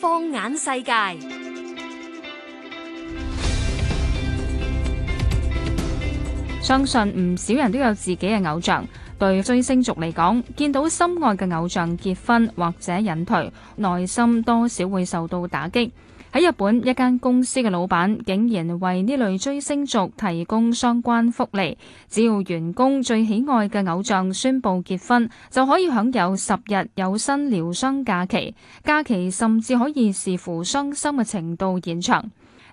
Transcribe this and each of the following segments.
放眼世界，相信唔少人都有自己嘅偶像。對追星族嚟講，見到心愛嘅偶像結婚或者引退，內心多少會受到打擊。喺日本，一間公司嘅老闆竟然為呢類追星族提供相關福利，只要員工最喜愛嘅偶像宣布結婚，就可以享有十日有薪療傷假期，假期甚至可以視乎傷心嘅程度延長。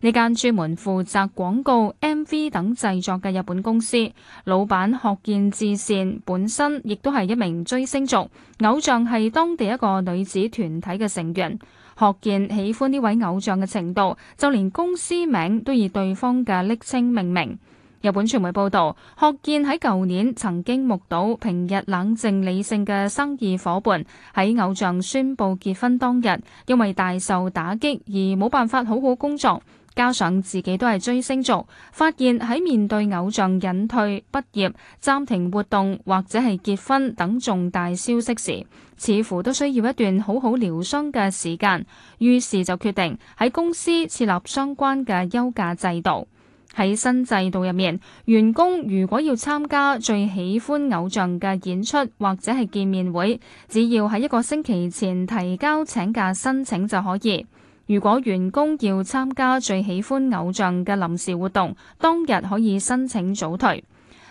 呢間專門負責廣告、MV 等製作嘅日本公司，老闆學健志善本身亦都係一名追星族，偶像係當地一個女子團體嘅成員。學健喜歡呢位偶像嘅程度，就連公司名都以對方嘅昵稱命名。日本傳媒報道，學健喺舊年曾經目睹平日冷靜理性嘅生意伙伴喺偶像宣布結婚當日，因為大受打擊而冇辦法好好工作。加上自己都係追星族，發現喺面對偶像隱退、畢業、暫停活動或者係結婚等重大消息時，似乎都需要一段好好療傷嘅時間，於是就決定喺公司設立相關嘅休假制度。喺新制度入面，員工如果要參加最喜歡偶像嘅演出或者係見面會，只要喺一個星期前提交請假申請就可以。如果員工要參加最喜歡偶像嘅臨時活動，當日可以申請早退。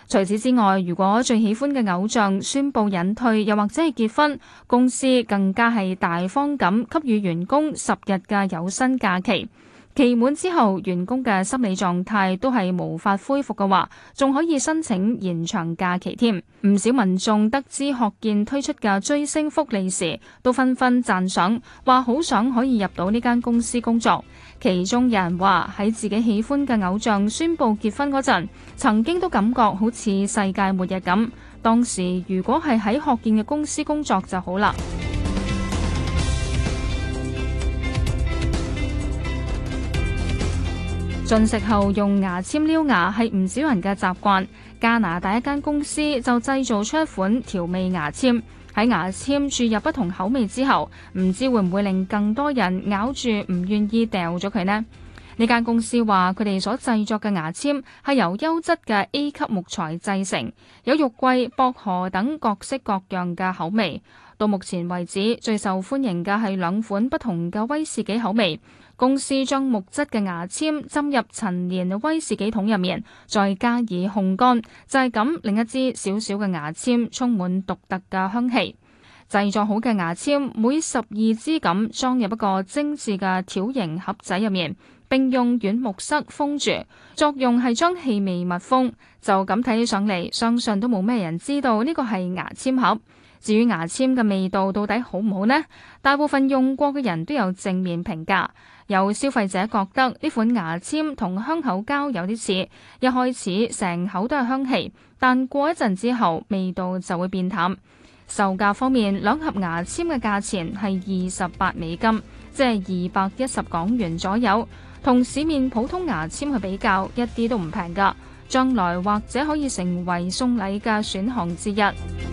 除此之外，如果最喜歡嘅偶像宣布引退，又或者係結婚，公司更加係大方咁給予員工十日嘅有薪假期。期滿之後，員工嘅心理狀態都係無法恢復嘅話，仲可以申請延長假期添。唔少民眾得知學健推出嘅追星福利時，都紛紛讚賞，話好想可以入到呢間公司工作。其中有人話喺自己喜歡嘅偶像宣布結婚嗰陣，曾經都感覺好似世界末日咁。當時如果係喺學健嘅公司工作就好啦。進食後用牙籤撩牙係唔少人嘅習慣。加拿大一間公司就製造出一款調味牙籤，喺牙籤注入不同口味之後，唔知會唔會令更多人咬住唔願意掉咗佢呢？呢間公司話佢哋所製作嘅牙籤係由優質嘅 A 級木材製成，有肉桂、薄荷等各式各樣嘅口味。到目前為止，最受歡迎嘅係兩款不同嘅威士忌口味。公司將木質嘅牙籤浸入陳年威士忌桶入面，再加以烘乾，就係咁，另一支小小嘅牙籤充滿獨特嘅香氣。製作好嘅牙籤每十二支咁裝入一個精緻嘅條形盒仔入面，並用軟木塞封住，作用係將氣味密封。就咁睇起上嚟，相信都冇咩人知道呢個係牙籤盒。至於牙籤嘅味道到底好唔好呢？大部分用過嘅人都有正面評價，有消費者覺得呢款牙籤同香口膠有啲似，一開始成口都係香氣，但過一陣之後味道就會變淡。售價方面，兩盒牙籤嘅價錢係二十八美金，即係二百一十港元左右，同市面普通牙籤去比較，一啲都唔平㗎。將來或者可以成為送禮嘅選項之一。